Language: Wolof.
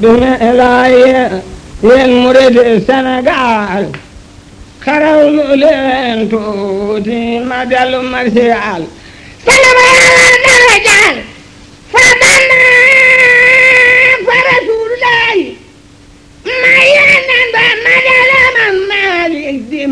bismilaahi yéen murid Sénégal xaraw lu leen tuuti ma dellu marsiyaal